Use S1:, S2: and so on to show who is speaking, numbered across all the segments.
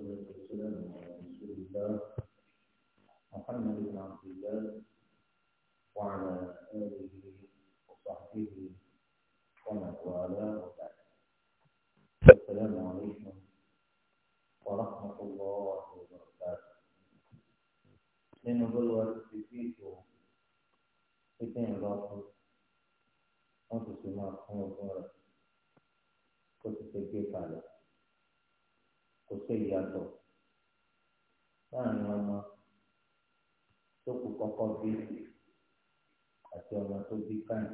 S1: والصلاة والسلام على رسول الله محمد بن عبد الله وعلى آله وصحبه ومن والاه وبعد السلام عليكم ورحمة الله وبركاته من بلوى الفيتو فتن الله أنفسنا وقوة pé ìyàtọ̀ láàrin ọmọ tó kù kọ́kọ́ bí àti ọmọ tó bí káyìn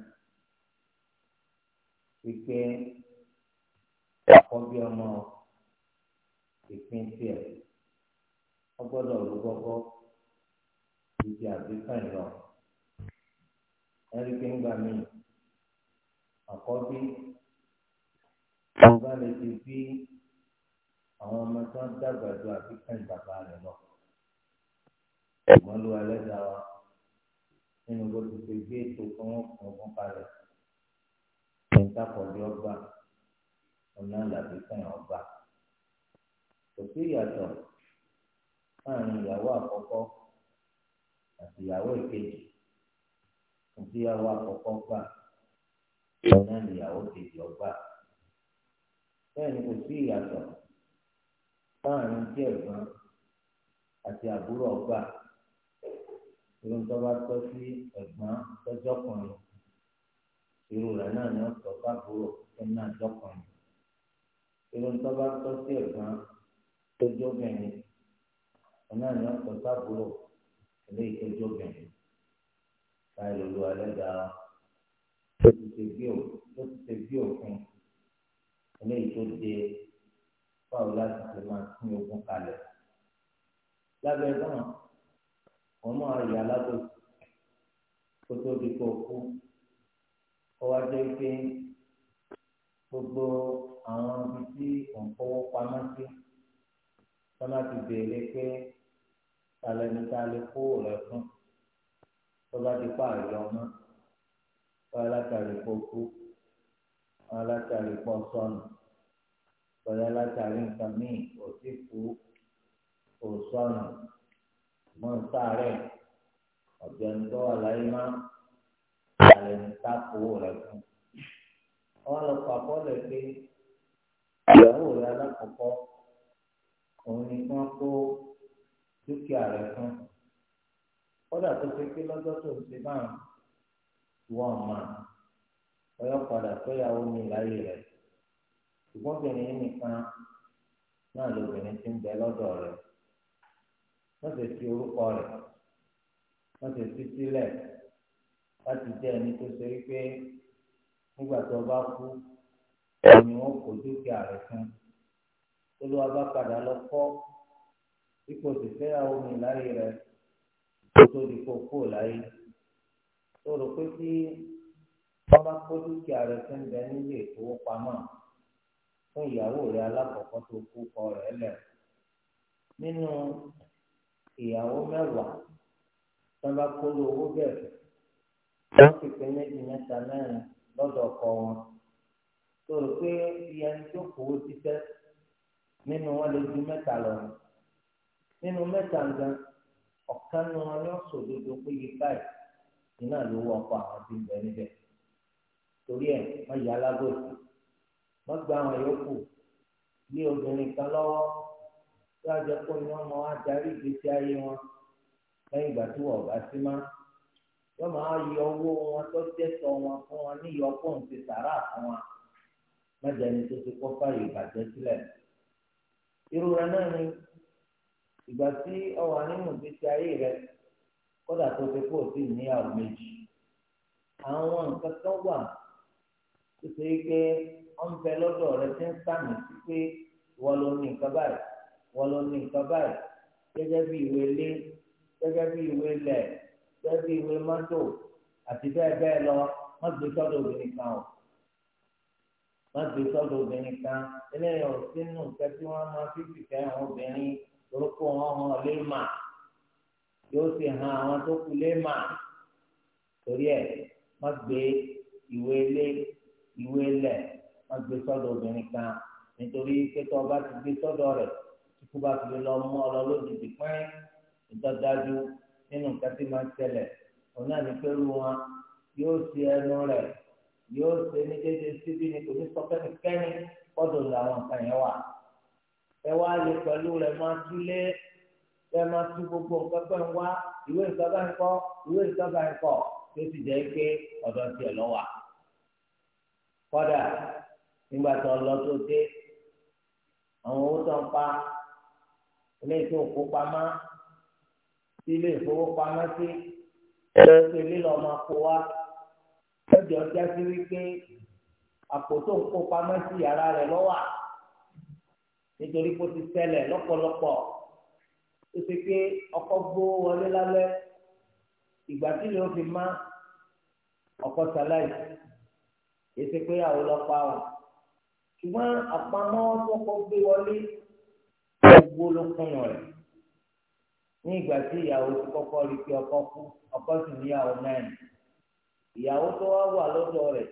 S1: wípé àkọ́bí ọmọ ìpín tiẹ̀ ọgbọ́dọ̀ olùgbọ́gbọ́ ìdí àbíkàn lọ ẹ̀ríkẹ́ ńgbà míì àkọ́bí ọba lè ti bí àwọn ọmọ tó ń dàgbà ju àfikún bàbá rẹ̀ lọ. ìwọ́n ló ẹlẹ́dàá wa nínú bó ti ṣe gbé ètò fún ọgbọ́n kalẹ̀ ìtàkọ̀dé ọgbà ọ̀nà làbíkàn ọgbà. kò sí ìyàtọ̀ láàrin ìyàwó àkọ́kọ́ àti ìyàwó ìkejì àti ìyàwó àkọ́kọ́ gbà ọ̀nà ìyàwó kejì ọgbà. bẹ́ẹ̀ ni kò sí ìyàtọ̀ táàrin tí ẹ̀gbọ́n àti àbúrò ọgbà irun tó bá tọ́ sí ẹ̀gbọ́n tọ́jọ́ kan ni irú rẹ̀ náà ni wọ́n sọ fábúrò ẹni náà jọ́kan ni irun tó bá tọ́ sí ẹ̀gbọ́n tọ́jọ́ bẹ̀rẹ̀ ẹni náà ni wọ́n sọ fábúrò eléyìí tọ́jọ́ bẹ̀rẹ̀ báyìí lólu ẹlẹ́dà tó ti ṣe bí òfin eléyìí tó de báwo láti ṣe máa pín ogún kalẹ̀ lábẹ́ náà wọ́n máa yà lábòsí kó tó di kó kú kó wá jẹ́ pé gbogbo àwọn ibi tí òǹkọ́wọ́ pamọ́ sí wọ́n máa ti béèrè pé talẹ́ni tá a lè kó rẹ̀ fún tó bá di pààrọ̀ ọmọ wọ́n látàrí kó kú wọ́n látàrí kó sọnù bọ́yá látàrí nǹkan míì kò sí kú kò sọnù mọ́ ń sáré ọ̀jọ̀ ń tọ́ àlàyé má àlẹ́ ń ta owó rẹ̀ fún. wọ́n lọ pa bọ́ọ̀lù pé ìyàwó rẹ̀ alákọ̀ọ́kọ́ òun ni wọ́n kó dúkìá rẹ̀ fún. kódà tó fi pé lọ́jọ́ tó ń ṣe báà wọ́n mà ọyọ́ padà tó yàwó mi láyé rẹ̀ ṣùgbọ́n obìnrin nìkan náà lóbìnrin ti ń bẹ lọ́dọ̀ rẹ̀ wọ́n ti fi orúkọ rẹ̀ wọ́n ti fi sílẹ̀ láti jẹ́ ẹni tó ṣe wípé nígbà tó bá kú ni wọ́n kó dúkìá rẹ̀ fún tó ló wá bá padà lọ kọ́ ipò tìfẹ́yàwó mi láyé rẹ̀ tó tó di kó kó láyé tó rò pé tí wọ́n bá kó dúkìá rẹ̀ fún bẹ́ẹ̀ nílé ìfowópamọ́. fún ìyàwó rẹ alákọ̀ọ́kọ́ tó kú kọ lẹ̀ nínú ìyàwó mẹ́wàá tó bá owó bẹ̀rẹ̀ wọ́n ti pè méjì mẹ́ta mẹ́rin lọ́dọ̀ ọkọ wọn tó rò pé iye ẹni tó kówó nínú wọn lè ju nínú mẹ́ta gan ọ̀kan nu wọn pé yí iná wọ ọkọ àwọn tí ń bẹ níbẹ̀ torí wọ́n yà á wọ́n gba àwọn yòókù ní obìnrin kan lọ́wọ́ tí wọ́n jẹ́ kó ní wọ́n máa darí ìgbésí ayé wọn lẹ́yìn ìgbà tí wọ́n bá sí má wọ́n máa yọ owó wọn tó sọ wọn fún wọn ní yọ ti sàrà fún wọn mẹ́jọ ni tó ti ni ìgbà tí ọwọ́ ìgbésí ayé rẹ kódà tó àwọn nǹkan wà tó wọn bẹ lọ́dọ̀ rẹ tí ń sàmì sí pé wọn ló ní nǹkan báyìí wọn ló ní nǹkan báyìí gẹ́gẹ́ bí ìwé ilé gẹ́gẹ́ bí ìwé ilẹ̀ gẹ́gẹ́ bí ìwé mọ́tò àti bẹ́ẹ̀ bẹ́ẹ̀ lọ wọn gbé sọ́dọ̀ obìnrin kan o wọn gbé sọ́dọ̀ obìnrin kan eléyìí ò sínú nǹkan tí wọn máa fi fìfẹ́ àwọn obìnrin orúkọ wọn hàn lé mà yóò sì hàn àwọn tó kú lé mà torí ẹ̀ wọn gbé ìwé ilé ìwé ilẹ̀ wọn gbé sọ́dọ̀ obìnrin kan nítorí pé tó ọba ti gbé sọ́dọ̀ rẹ̀ tí kò bá fi lọ mú ọ lọ lójijì pín ìdọdájú nínú nǹkan tí máa ń ṣẹlẹ̀ òun náà ní pẹ̀lú wọn yóò ṣe ẹnu rẹ̀ yóò ṣe ní déédéé síbí ni kò ní sọ fẹ́nikẹ́ni kọ́dọ̀ làwọn nǹkan yẹn wà ẹ wá lè pẹ̀lú rẹ̀ máa túlé ẹ máa tú gbogbo nǹkan pẹ̀ ń wá ìwé ìsọ́gbà ń kọ́ ìwé ìsọ́gbà ń kọ́ tó ti jẹ́ pé ọ̀dọ̀ tiẹ̀ lọ́wà kọ́dà nígbà tó lọ tó dé àwọn owó tó ń pa ilé tó kó pamọ́ sí ilé ìfowópamọ́sí ẹgbẹ́ lílọ máa kó wa lọ́jọ́ ọjà sí wípé àpò tó ń kó pamọ́ sí yàrá rẹ̀ lọ́wà nítorí kó ti ṣẹlẹ̀ lọ́pọ̀lọpọ̀ tó ti pé ọkọ̀ gbó wọlé lálẹ́ ìgbà tí ló fi má ọkọ̀ sàlẹ̀ yìí èsì pé àwọn ọlọ́pàá wọn ṣùgbọ́n àpamọ́ tọkọ gbé wọlé gbogbo ló kúnnà rẹ̀ ní ìgbà tí ìyàwó ti kọ́kọ́ rí pé ọkọ kú ọkọ sì níyàwó mẹ́rin ìyàwó tó wá wà lọ́dọ̀ rẹ̀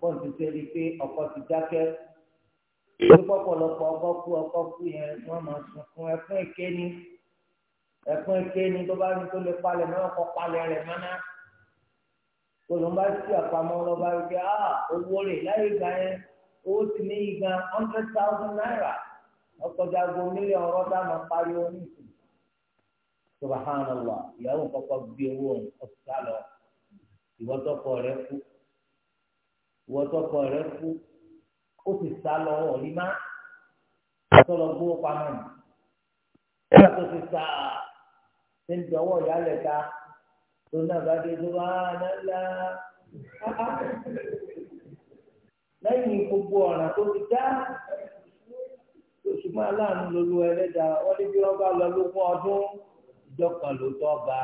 S1: kó n ti ṣe rí i pé ọkọ ti dákẹ́ ìlú pọ̀pọ̀lọpọ̀ ọkọ kú ọkọ kú yẹn wọ́n máa sunkún ẹkún èké ni ẹkún èké ni tó bá ní tó lè palẹ̀ náà kọ́ palẹ̀ rẹ̀ mọ́ná olùbá sí àpamọ́ lọ́ba rí pé ah owó rẹ̀ láyé gbà yẹn ó sì ní ìgbà hundred thousand naira ọkọjà gbo mílíọ̀nù rọ́dà máa pariwo ní ìsìn subhanallah ìyàwó kọ́kọ́ gbé owó ọ̀sá lọ ìwọ́tọ́kọ rẹ kú ìwọ́tọ́kọ rẹ kú ó sì sá lọ ọ̀rí má ọ̀tọ́ gbówó pamọ́ ní ẹ̀rọ tó ti sá ṣe ń dọwọ́ ìyálẹ̀ tó náà bá dé tó bá gbogbo ọ̀nà tó ti dá
S2: oṣù máa láàánú
S1: lolú ẹlẹ́dàá wọ́n ní bí wọ́n bá lọ lógún ọdún ìjọkan ló ba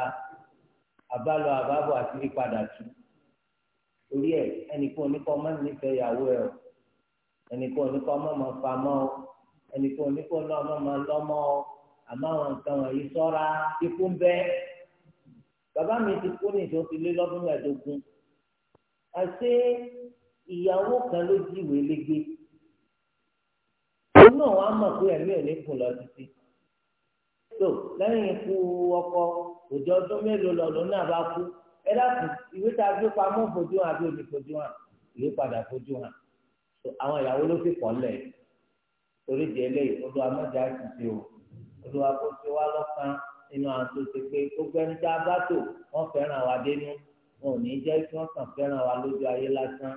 S1: àbálọ àbábọ̀ àti rí padà tù torí ẹ ẹnìkan oníkọ́ ọmọ nífẹ̀ẹ́ ìyàwó ẹ o ẹnìkan oníkọ́ ọmọ máa fa mọ́ ọ ẹnìkan oníkọ́ ọmọ máa lọ́mọ́ ọ àmọ́ àwọn nǹkan wọ̀nyí sọ́ra ikú ń bẹ bàbá mi ti kú ní ìṣó ti lé lọ́dún mẹ́ẹ̀ẹ́dógún àti ìyàwó kan ló jíwèé lége òun náà wàá mọ̀ pé ẹ̀mí ẹ̀ ní kùn lọ títí tó lẹ́yìn ikú ọkọ òjò ọdún mélòó lọ́dún náà bá kú ẹ dákun ìwé tá a gbé pamọ́ fojú hàn àbí òní fojú hàn ìwé padà fojú hàn àwọn ìyàwó ló fi kọ́ lẹ̀ torí di eléyìí olúwa mọ̀jà àtúnṣe o olúwa kò wa lọ́kàn nínú àwọn tó pé gbogbo ẹni tá a bá tò wọ́n fẹ́ràn wa dénú wọn ò ní jẹ́ kí wọ́n kàn fẹ́ràn wa lójú ayé lásán